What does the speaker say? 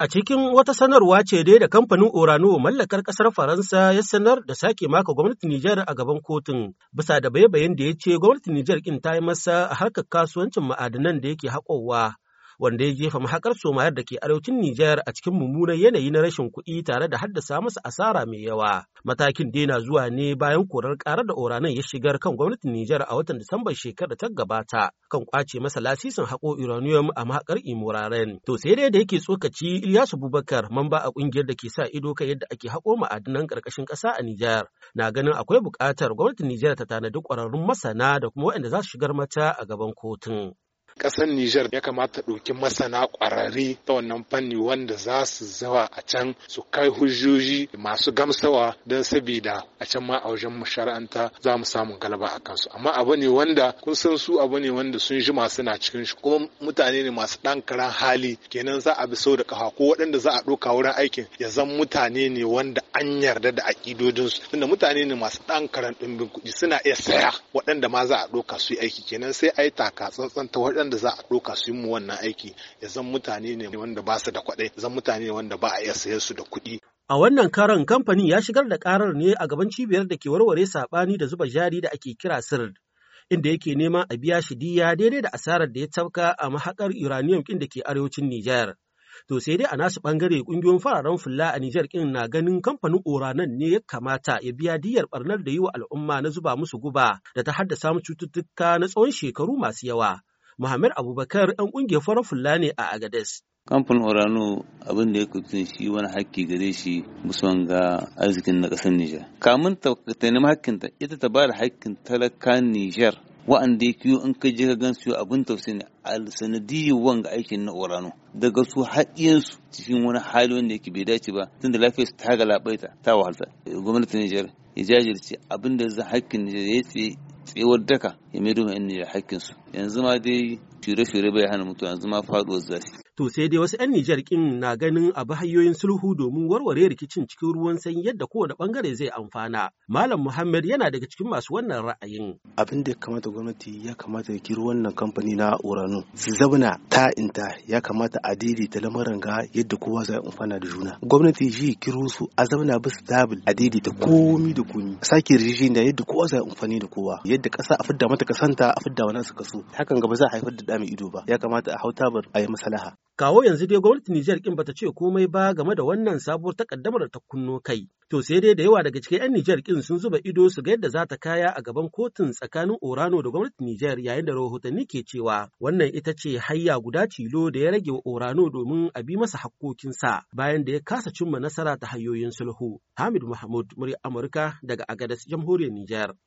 A cikin wata sanarwa ce dai da kamfanin Orano mallakar ƙasar Faransa ya sanar da sake maka gwamnatin Nijar a gaban kotun bisa da baye da ya ce gwamnatin Nijar ƙin ta yi masa a harkar kasuwancin ma'adanan da yake haƙowa wanda ya jefa mahakar somayar da ke arewacin Nijar a cikin mummunan yanayi na rashin kuɗi tare da haddasa masa asara mai yawa. Matakin daina zuwa ne bayan korar ƙarar da oranan ya shigar kan gwamnatin Nijar a watan Disambar shekarar da ta gabata kan kwace masa lasisin haƙo uranium a mahakar Imuraren. To sai dai da yake tsokaci Ilyasu Bubakar mamba a ƙungiyar da ke sa ido kan yadda ake haƙo ma'adinan ƙarƙashin ƙasa a Nijar. Na ganin akwai buƙatar gwamnatin Nijar ta tanadi ƙwararrun masana da kuma waɗanda za su shigar mata a gaban kotun. kasar Nijar ya kamata ɗauki masana ƙwararre ta wannan fanni wanda za su zawa a can su kai hujjoji masu gamsawa don sabida a can ma a wajen mashara'anta za mu samu galaba a kansu amma abu ne wanda kun san su abu ne wanda sun ji masu na cikin shi kuma mutane ne masu ɗan karan hali kenan za a bi sau da ƙafa ko waɗanda za a ɗauka wurin aikin ya zan mutane ne wanda an yarda da aƙidodinsu tunda mutane ne masu ɗan karan ɗumbin kuɗi suna iya saya waɗanda ma za a ɗauka su yi aiki kenan sai a yi taka tsantsan ta waɗanda wanda za a ɗauka su yi mu wannan aiki ya zan mutane ne wanda ba su da kwaɗai zan mutane ne wanda ba a iya sayen su da kuɗi A wannan karon kamfanin ya shigar da karar ne a gaban cibiyar da ke warware saɓani da zuba jari da ake kira sir inda yake neman a biya shi diya daidai da asarar da ya tafka a mahakar uranium ɗin da ke arewacin Nijar. To sai dai a nasu ɓangare ƙungiyoyin fararen fulla a Nijar ɗin na ganin kamfanin oranan ne ya kamata ya biya diyar ɓarnar da yi wa al'umma na zuba musu guba da ta haddasa mu cututtuka na tsawon shekaru masu yawa. Muhammad Abubakar ɗan ƙungiyar farar Fulani a Agades. kamfanin orano abin da ya kutun shi wani hakki gare shi musamman ga arzikin na ƙasar nijar kamun ta nemi hakkinta ita ta ba da hakkin talaka nijar wa'anda ya kiyo in ka je ka gan su abin tausayi ne a sanadiyyar wanga aikin na orano daga su haɗiyansu cikin wani hali wanda yake bai dace ba tun da lafiyarsu ta galabaita ta wahalta gwamnatin nijar ya jajirce abin da zai hakkin nijar ya tsaye tsewar daka ya mai duhun da hakkinsu yanzu ma dai shirye-shirye bai hana mutu yanzu ma faɗuwar zafi To sai dai wasu 'yan Nijar kin na ganin abu hanyoyin sulhu domin warware rikicin cikin ruwan sanyi yadda kowane bangare zai amfana. Malam Muhammad yana daga cikin masu wannan ra'ayin. Abin da ya kamata gwamnati ya kamata ya kiri wannan kamfani na Uranu. Su zabna ta inta ya kamata a daidaita lamarin ga yadda kowa zai amfana da juna. Gwamnati shi kiro su a zauna bisa tabil a daidaita komi da komi. Sake rijin da yadda kowa zai amfani da kowa. Yadda ƙasa a fidda mata ƙasanta a fidda wani su kaso. Hakan gaba za a haifar da dami ido ba. Ya kamata a hau tabar a yi masalaha. Kawo yanzu dai gwamnatin Nijar kin bata ce komai ba game da wannan sabuwar takaddamar ta kunno kai. To sai dai da yawa daga cikin 'yan Nijar kin sun zuba ido su ga yadda za ta kaya a gaban kotun tsakanin Orano da gwamnatin Nijar yayin da rahotanni ke cewa wannan ita ce hayya guda tilo da ya rage wa Orano domin a bi masa hakkokinsa bayan da ya kasa cimma nasara ta hanyoyin sulhu. Hamid Mahmud, murya Amurka daga Agadas, Jamhuriyar Nijar.